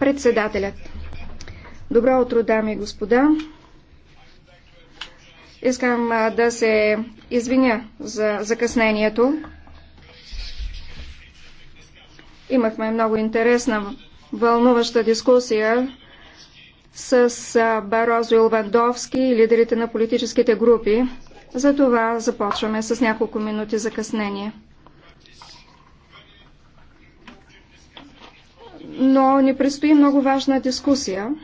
Председателят. Добро утро, дами и господа. Искам да се извиня за закъснението. Имахме много интересна, вълнуваща дискусия с Барозо и Лвандовски и лидерите на политическите групи. Затова започваме с няколко минути закъснение. Но ни предстои много важна дискусия.